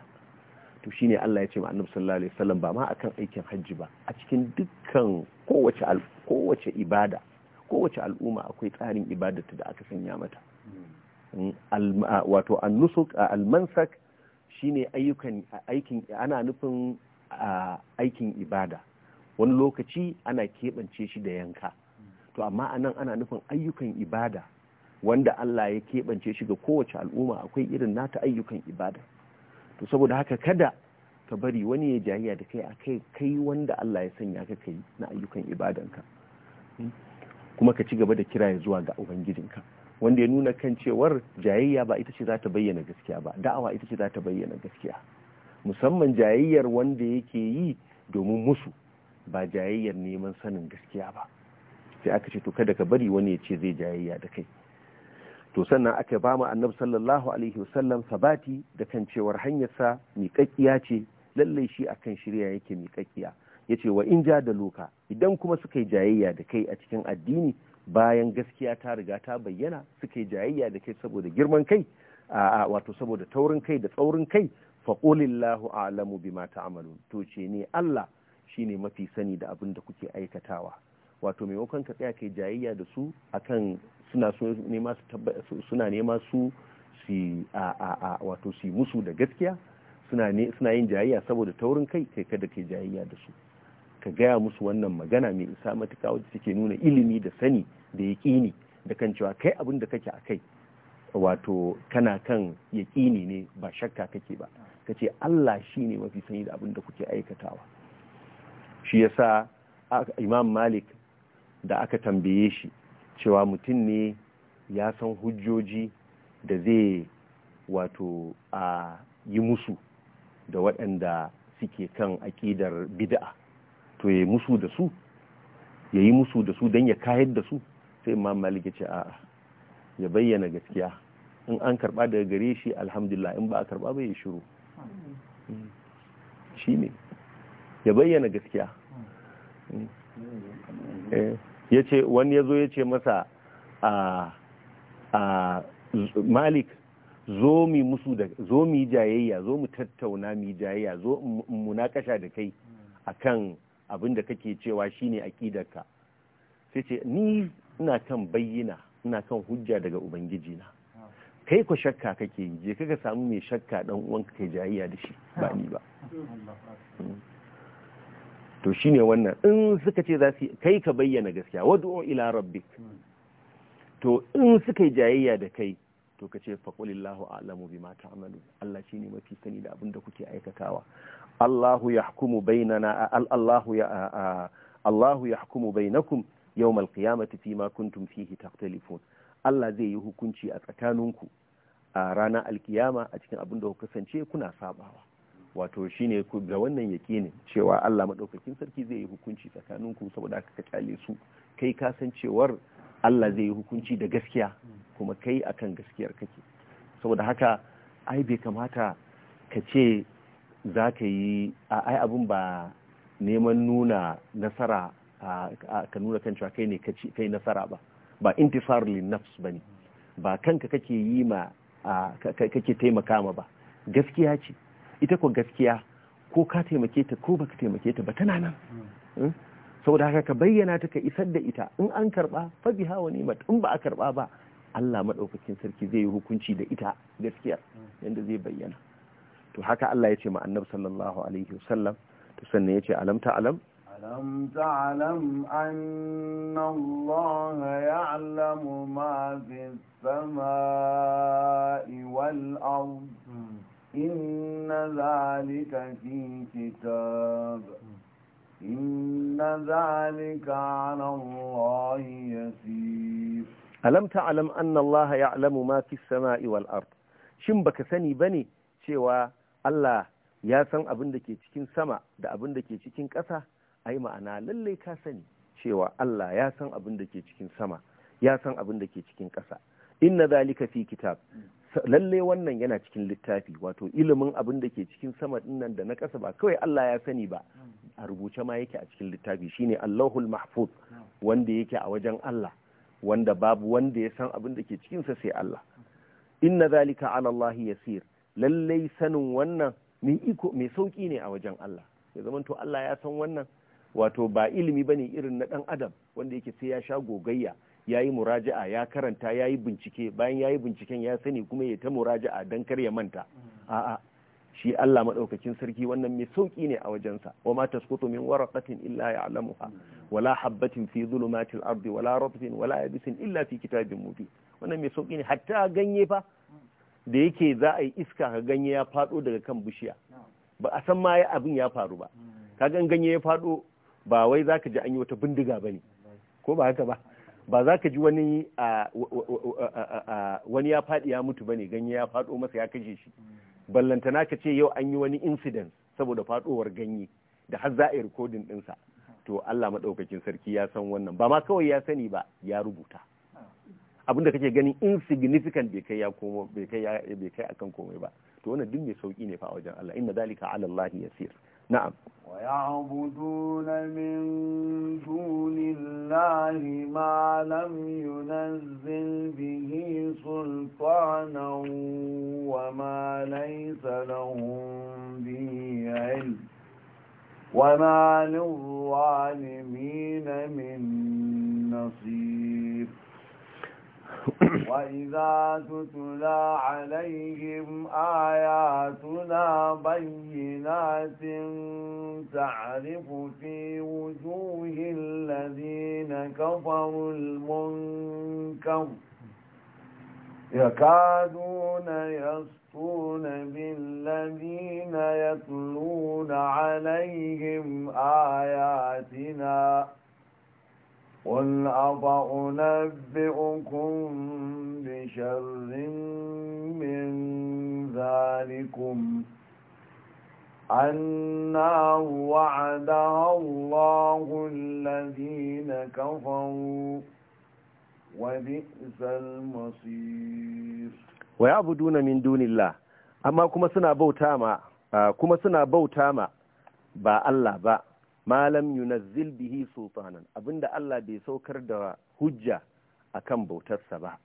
to shine Allah ya ce ma sallallahu alaihi wasallam ba ma akan aikin hajji ba a cikin dukkan kowace ibada kowace al'umma akwai tsarin ibadarta da aka sanya mata hmm. Hmm, wato a almansak shine ayyukan aikin ana nufin aikin ibada wani lokaci ana keɓance shi da yanka hmm. to amma anan ana nufin ayyukan ibada wanda Allah ya keɓance shi ga kowace al'umma akwai irin nata ayyukan ibada to saboda haka kada ka bari wani ya jahiya da kai akai kai wanda Allah ya sanya ka kai na ayyukan ka kuma ka ci gaba da kira ya zuwa ga ubangijinka wanda ya nuna kan cewar jayayya ba ita ce za ta bayyana gaskiya ba da'awa ita ce za ta bayyana gaskiya musamman jayayyar wanda yake yi domin musu ba jayayyar neman sanin gaskiya ba sai aka ce to kada ka bari wani ya ce zai jayayya da kai to sannan aka ba mu annabi sallallahu alaihi wasallam sabati da kan cewar hanyarsa miƙaƙƙiya ce lallai shi akan shirya yake miƙaƙƙiya ce wa in ja da loka idan kuma suka yi jayayya da kai a cikin addini bayan gaskiya ta riga ta bayyana suka yi jayayya da kai saboda girman kai wato saboda taurin kai da tsaurin kai fa qulillahu a'lamu bima ta'malun to ce ne Allah shine mafi sani da abin da kuke aikatawa wato maimakon ka tsaya kai jayayya da su akan suna so nema su suna nema su si a a a wato si musu da gaskiya suna ne suna yin jayayya saboda taurin kai kai kada kai jayayya da su ka gaya musu wannan magana mai isa matuka wanda suke nuna ilimi da sani da yaƙini da kan cewa kai abin da kake a kai wato kana kan yaƙini ne ba shakka kake ba kace Allah shi ne mafi sani da abin da kuke aikatawa shi yasa imam malik da aka tambaye shi cewa mutum ne ya san hujjoji da zai wato a yi musu da waɗanda suke kan aƙidar bid'a to ya musu da su ya yi musu da su don ya kayar da su sai imam malik ce a'a ya bayyana gaskiya in an karba daga gare shi alhamdulillah in ba a karba ba ya shiru shi ne ya bayyana gaskiya hmm. eh. yace wani yazo yace masa a a malik zo mi musu da zo mi jayayya zo mu tattauna mi jayayya zo mu munakasha da kai akan abin da kake cewa shine aqidarka sai ce ni ina kan bayyana ina kan hujja daga ubangiji na kai ko shakka kake yi je kaga samu mai shakka dan uwanka kai jayayya da shi ba ni ba to shi ne wannan in suka ce za su kai ka bayyana gaskiya wad'u ila rabbik to in suka yi jayayya da kai to ka ce faƙulillahu a'lamu bi mata amalu Allah shine mafi sani da abin da kuke aikatawa Allahu yahkumu bainana Allahu ya Allahu yahkumu bainakum yawmal qiyamati kun kuntum fihi takhtalifun Allah zai yi hukunci a tsakaninku a ranar alkiyama a cikin abin da kuka kasance kuna sabawa wato shine ga wannan yakinin cewa Allah madaukakin sarki zai yi hukunci tsakanin ku saboda haka ka kyale su kai ka san cewar Allah zai yi hukunci da gaskiya kuma kai akan gaskiyar kake saboda haka ai bai kamata ka ce za ka yi ai abun ba neman nuna nasara ka nuna kan cewa kai ne kai nasara ba ba intifar nafs ba ne ba kanka kake yi ma kake taimaka ma ba gaskiya ce ita ko gaskiya ko ka taimake ta ko baka taimake ta ba tana nan hmm. Hmm? saboda haka ka bayyana ta ka isar da ita in an karba fa biha wa ni'mat in ba a karba ba Allah madaukakin sarki zai yi hukunci da ita gaskiya hmm. yanda zai bayyana to haka Allah ya ce ma annabi sallallahu alaihi wasallam to sannan ya ce alam ta alam alam ta alam anna Allah ya'lamu ma fi samai wal ardh إن ذلك في كتاب إن ذلك على الله يسير ألم تعلم أن الله يعلم ما في السماء والأرض شن بك سني بني شوى الله ya san abin da ke cikin sama da abin da ke cikin ƙasa ai ma'ana lallai ka sani cewa Allah ya san abin da ke cikin sama ya san abin da ke cikin ƙasa inna zalika fi kitab lalle wannan yana cikin littafi wato ilimin abin da ke cikin sama dinnan da na kasa ba kawai Allah ya sani ba a rubuce ma yake a cikin littafi shine Allahul Mahfuz wanda yake a wajen Allah wanda babu wanda ya san abin da ke cikin sa sai Allah inna zalika ala Allah yasir lalle sanin wannan mai iko mai sauki ne a wajen Allah ya zama to Allah ya san wannan wato ba ilimi bane irin na dan adam wanda yake sai ya sha gogayya ya yi muraja'a ya karanta ya yi bincike bayan ya yi binciken ya sani kuma ya ta muraja'a don kar ya manta a'a shi Allah madaukakin sarki wannan mai sauki ne a wajensa wa ma tasqutu min waraqatin illa ya'lamuha wala habatin fi dhulumatil ardi wala ratbin wala yabisin illa fi kitabin mubin wannan mai sauki ne hatta ganye fa da yake za a yi iska ka ganye ya fado daga kan bishiya ba a san ma abin ya faru ba ka ganye ya fado ba wai zaka ji an yi wata bindiga bane ko ba haka ba ba za ka ji wani wani ya faɗi ya mutu bane ganye ya faɗo masa ya kashe shi ballantana ka ce yau an yi wani incident saboda faɗowar ganye da har za a yi rikodin ɗinsa to Allah maɗaukakin sarki ya san wannan ba ma kawai ya sani ba ya rubuta abin da kake ganin insignificant bai kai ya komo bai kai bai kai akan komai ba to wannan duk mai sauki ne fa a wajen Allah inna dalika ala Allah yasir نعم ويعبدون من دون الله ما لم ينزل به سلطانا وما ليس لهم به علم وما للظالمين من نصير وإذا تتلى عليهم آياتنا بينات تعرف في وجوه الذين كفروا المنكر يكادون يسطون بالذين يتلون عليهم آياتنا قل أفأنبئكم بشر من ذلكم أنه وعد الله الذين كفروا وبئس المصير ويعبدون من دون الله أما كما سنة بوتاما كما سنة بوتاما با الله با malam yunazzil bihi sultanan abinda Allah bai saukar da hujja akan bautarsa ba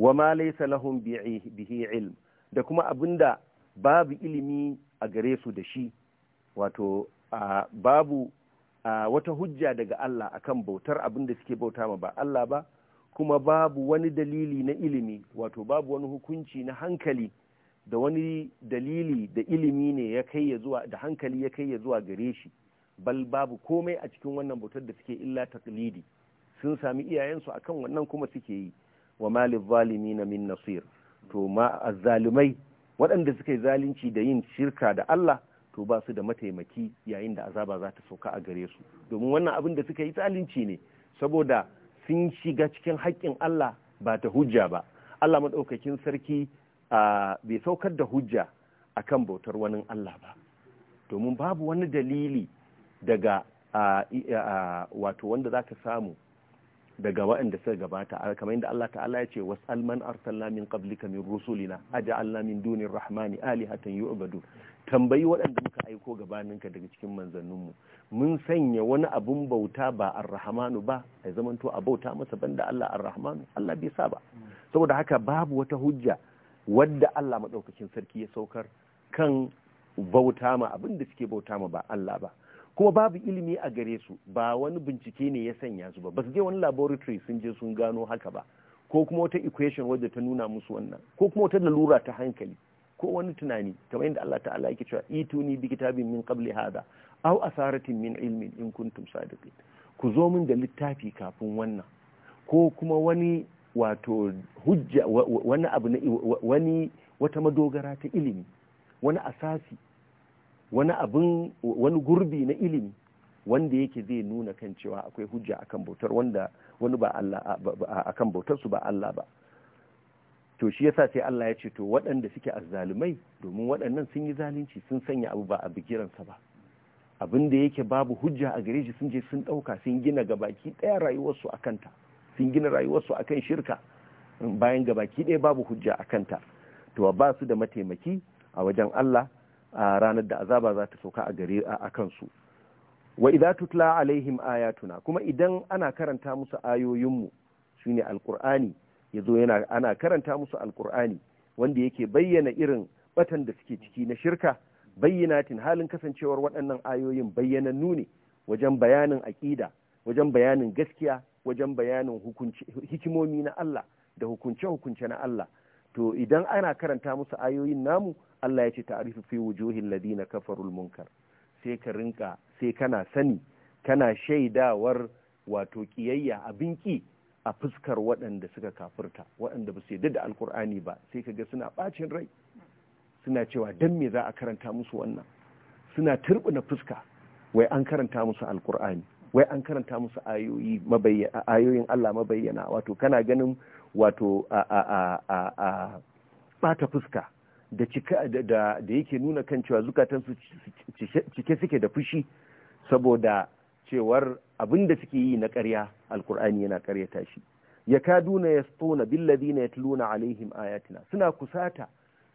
wa ma laysa lahum bihi ilm da kuma abinda babu ilimi a gare su da shi wato babu wata hujja daga Allah akan bautar abinda suke bauta ma ba Allah ba kuma babu wani dalili na ilimi wato babu wani hukunci na hankali da wani dalili da ilimi ne ya kai ya zuwa da hankali ya kai ya zuwa gare shi bal babu komai a cikin wannan bautar da suke illa taqlidi sun sami iyayensu akan wannan kuma suke yi wa malil zalimin min nasir to ma azzalumai waɗanda suka yi zalunci da yin shirka da Allah to ba su da mataimaki yayin da azaba za ta sauka a gare su domin wannan abin da suka yi zalunci ne saboda sun shiga cikin haƙƙin Allah ba ta hujja ba Allah maɗaukakin sarki bai saukar da hujja akan bautar wani Allah ba domin babu wani dalili daga wato wanda ka samu daga waɗanda suka gabata kamar yadda Allah ta'ala ya ce wasal man arsalna min qablika min rusulina aj'alna min dunir rahmani alihatan yu'badu tambayi waɗanda muka aiko gabaninka daga cikin manzanninmu mun sanya wani abun bauta ba arrahmanu ba ai zamanto a bauta masa banda Allah arrahmanu Allah bai sa ba saboda haka babu wata hujja wadda Allah maɗaukacin sarki ya saukar kan bauta ma abinda suke bauta ma ba Allah ba kuma babu ilimi a gare su ba wani bincike ne ya sanya su ba ba su je wani laboratory sun je sun gano haka ba ko kuma wata equation wadda ta nuna musu wannan ko kuma wata lalura ta hankali ko wani tunani kamar yadda Allah ta'ala yake cewa ituni bi kitabin min qabli hada aw asaratin min ilmin in kuntum sadiqin ku zo min da littafi kafin wannan ko kuma wani wato hujja wani abu na wani wata madogara ta ilimi wani asasi wani abin wani gurbi na ilimi wanda yake zai nuna kan cewa akwai hujja akan bautar wanda wani ba Allah akan bautar su ba Allah ba to shi yasa sai Allah ya ce to waɗanda suke azzalumai domin waɗannan sun yi zalunci sun sanya abu ba a bigiransa ba abinda da yake babu hujja a gare shi sun je sun ɗauka sun gina gabaki ɗaya rayuwarsu a kanta sun gina rayuwarsu akan shirka bayan gabaki ɗaya babu hujja a kanta to ba su da mataimaki a wajen Allah a ranar da azaba za ta sauka a gare a kansu wa idza tutla alaihim ayatuna kuma idan ana karanta musu ayoyinmu shine alqur'ani yazo yana ana karanta musu alqur'ani wanda yake bayyana irin batan da suke ciki na shirka bayyanatin halin kasancewar waɗannan ayoyin bayyanannu ne wajen bayanin aƙida wajen bayanin gaskiya wajen bayanin hikimomi na Allah da hukunce-hukunce na Allah to idan ana karanta musu ayoyin namu Allah ya ce ta'arifu fi wujuhil ladina kafarul munkar sai ka rinka sai kana sani kana shaidawar wato kiyayya abin ki a fuskar waɗanda suka kafurta. waɗanda ba su yarda da alkur'ani ba sai ka ga suna ɓacin rai suna cewa dan me za a karanta musu wannan suna turɓuna fuska wai an karanta musu alkur'ani wai an karanta musu ayoyin Allah mabayyana wato kana ganin wato a fuska da da yake nuna kan cewa zukatan su cike suke da fushi saboda cewar abin da suke yi na ƙarya alkur'ani yana ƙaryata shi ya kaduna ya stona billadina a alaihim ayatina suna kusata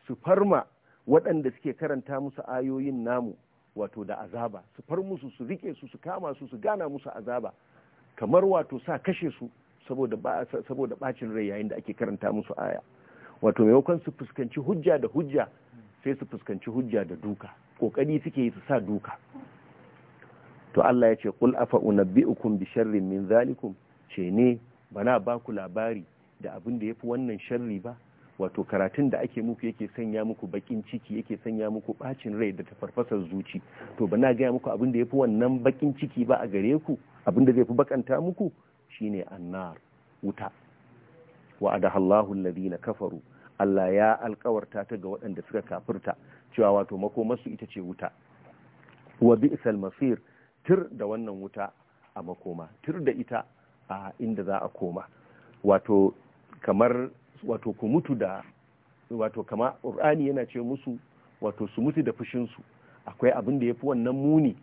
su farma waɗanda suke karanta musu ayoyin namu wato da azaba su far musu su rike su su kama su su gana musu azaba kamar wato sa kashe su saboda saboda bacin rai yayin da ake karanta musu aya wato maimakon su fuskanci hujja da hujja sai su fuskanci hujja da duka kokari suke yi su sa duka to Allah ya ce qul afa unabbiukum bi sharrin min zalikum ce ne bana ba ku labari da abin da yafi wannan sharri ba wato karatun da ake muku yake sanya muku bakin ciki yake sanya muku bacin rai da tafarfasar zuci to ba na gaya muku abin da ya fi wannan bakin ciki ba a gare ku abin da zai fi bakanta muku shine annar wuta wa adahallahu alladhina kafaru Allah ya alkawarta ta ga waɗanda suka kafirta cewa wato makomarsu ita ce wuta wa bi'sal masir tir da wannan wuta a makoma tir da ita a inda za a koma wato kamar wato ku mutu da wato kama qur'ani yana ce musu wato su mutu da fushinsu akwai abin da ya fi wannan muni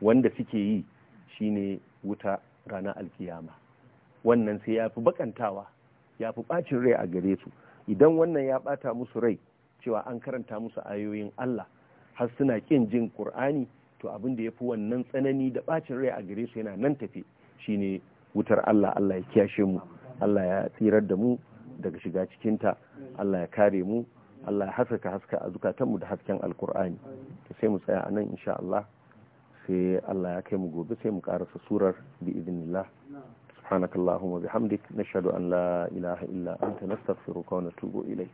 wanda suke yi shine wuta rana alkiyama wannan sai yafi fi bakantawa ya bacin rai a gare su idan wannan ya ɓata musu rai cewa an karanta musu ayoyin Allah har suna kin jin Qur'ani to abin da yafi wannan tsanani da ɓacin rai a gare su yana nan tafe shine wutar Allah Allah ya kiyashe mu Allah ya tsirar da mu daga shiga cikinta Allah ya kare mu Allah ya haskaka haska a zukatanmu da hasken alkur'ani sai mu tsaya a nan insha Allah sai Allah ya kai mu gobe sai mu karasa surar bi idinillah subhanakallahumma bihamdik nashhadu an la ilaha illa anta nastaghfiruka wa natubu ilayk